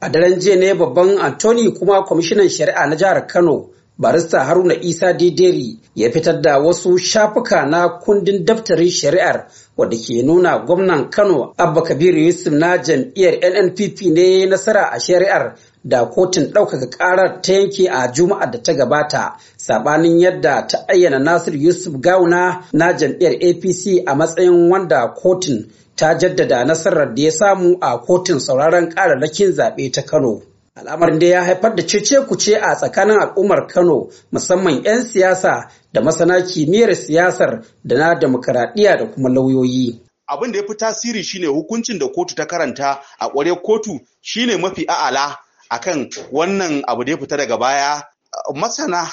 A daren jiya ne babban Antoni kuma kwamishinan shari'a na jihar Kano barista Haruna Isa Dideri ya fitar da wasu shafuka na kundin daftarin shari'ar wadda ke nuna gwamnan Kano Abba Kabir Yusuf na jam'iyyar NNPP ne nasara a shari'ar da kotun ɗaukaka ƙarar ta yanke a Juma'a da ta gabata sabanin yadda ta ayyana Nasir Yusuf Gauna na jam'iyyar APC a matsayin wanda kotun ta jaddada nasarar da ya samu a kotun sauraron ƙararrakin zaɓe ta Kano. Al'amarin da ya haifar da cece kuce a tsakanin al'ummar Kano musamman 'yan siyasa da masana kimiyyar siyasar da na demokaradiyya da kuma lauyoyi. Abin da ya fi tasiri shine hukuncin da kotu ta karanta a ƙware kotu shine mafi a'ala akan wannan abu da ya fita daga baya. Masana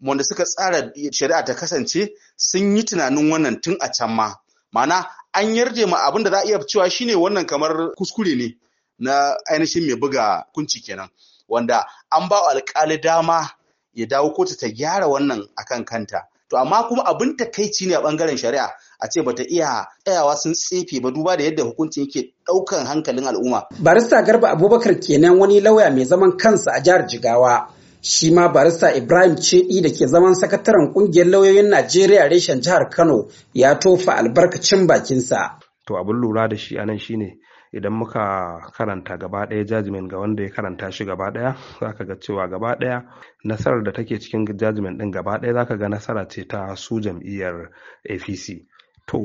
wanda suka tsara shari'a ta kasance sun yi tunanin wannan tun a can ma. ma'ana an yarje ma abin da za a iya cewa shine wannan kamar kuskure ne na ainihin mai buga kunci kenan wanda an ba alkali dama ya dawo kotu ta gyara wannan akan kanta to amma kuma abin takaici ne a bangaren shari'a a ce bata iya tsayawa sun tsefe ba duba da yadda hukuncin yake daukan hankalin al'umma barista garba abubakar kenan wani lauya mai zaman kansa a jihar jigawa shi ma barista ibrahim cedi da ke zaman sakataren kungiyar lauyoyin najeriya reshen jihar kano ya tofa albarkacin bakinsa to abin lura da shi anan ne, idan muka karanta gaba ɗaya jajimen ga wanda ya karanta shi gaba ɗaya ka ga cewa gaba ɗaya nasarar da take cikin jajimen ɗin gaba ɗaya ka ga nasara ce ta su jam'iyyar apc to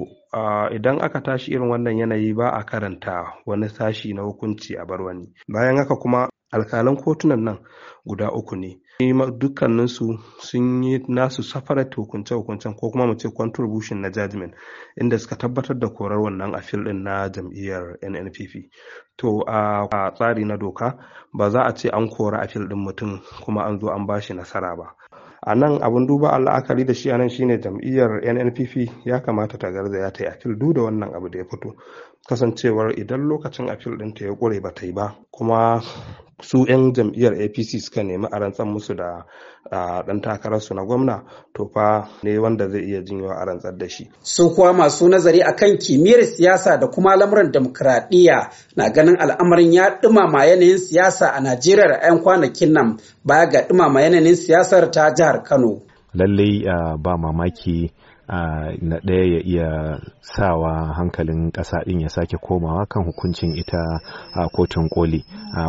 idan aka tashi irin wannan yanayi ba a karanta wani sashi na hukunci a bar wani bayan haka kuma alkalan kotunan nan guda uku ne dukkaninsu sun yi nasu separate hukunce-hukuncen ko kuma mu ce contribution na judgment inda suka tabbatar da korar wannan afil din na jam'iyyar nnpp to a tsari na doka ba za a ce an kora afil din mutum kuma an zo an bashi nasara ba a nan abin duba al'akari da shi a nan shine jam'iyyar nnpp ya kamata ta ya ta yi afil duk da wannan abu da ya fito kasancewar idan lokacin afil ta ya kure ba ta yi ba kuma su 'yan jam'iyyar apc suka nemi a rantsar musu da dan takararsu na gwamna to fa ne wanda zai iya jinyo a rantsar da shi Sun kuwa masu nazari a kan kimiyyar siyasa da kuma lamuran demokradiyya na ganin al'amarin ya ɗumama yanayin siyasa a najeriya a 'yan kwanakin nan baya ga ɗumama yanayin siyasar ta jihar kano lallai ba mamaki na ɗaya ya iya sawa hankalin ƙasa ɗin ya sake komawa kan hukuncin ita a kotun koli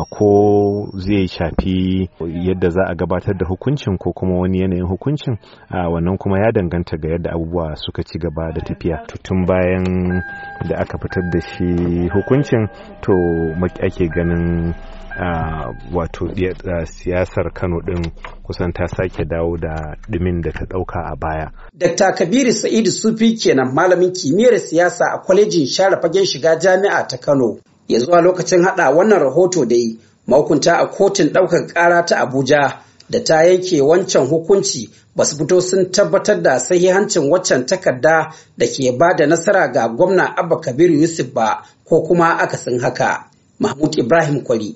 ko zai shafi yadda za a gabatar da hukuncin ko kuma wani yanayin hukuncin wannan kuma ya danganta ga yadda abubuwa suka ci gaba da tafiya tun bayan da aka fitar da shi hukuncin to ake ganin wato siyasar kano din kusan ta sake dawo da dumin da ta dauka a baya. Dr. Kabiru Sa'idu Sufi kenan malamin kimiyyar siyasa a kwalejin share fagen shiga jami'a ta Kano. Ya zuwa lokacin hada wannan rahoto da dai mahukunta a kotun ɗaukar kara ta Abuja da ta yanke wancan hukunci ba su fito sun tabbatar da hancin waccan takarda da ke ba da nasara ga gwamna Abba Kabiru Yusuf ba ko kuma akasin haka. Mahmud Ibrahim Kwari,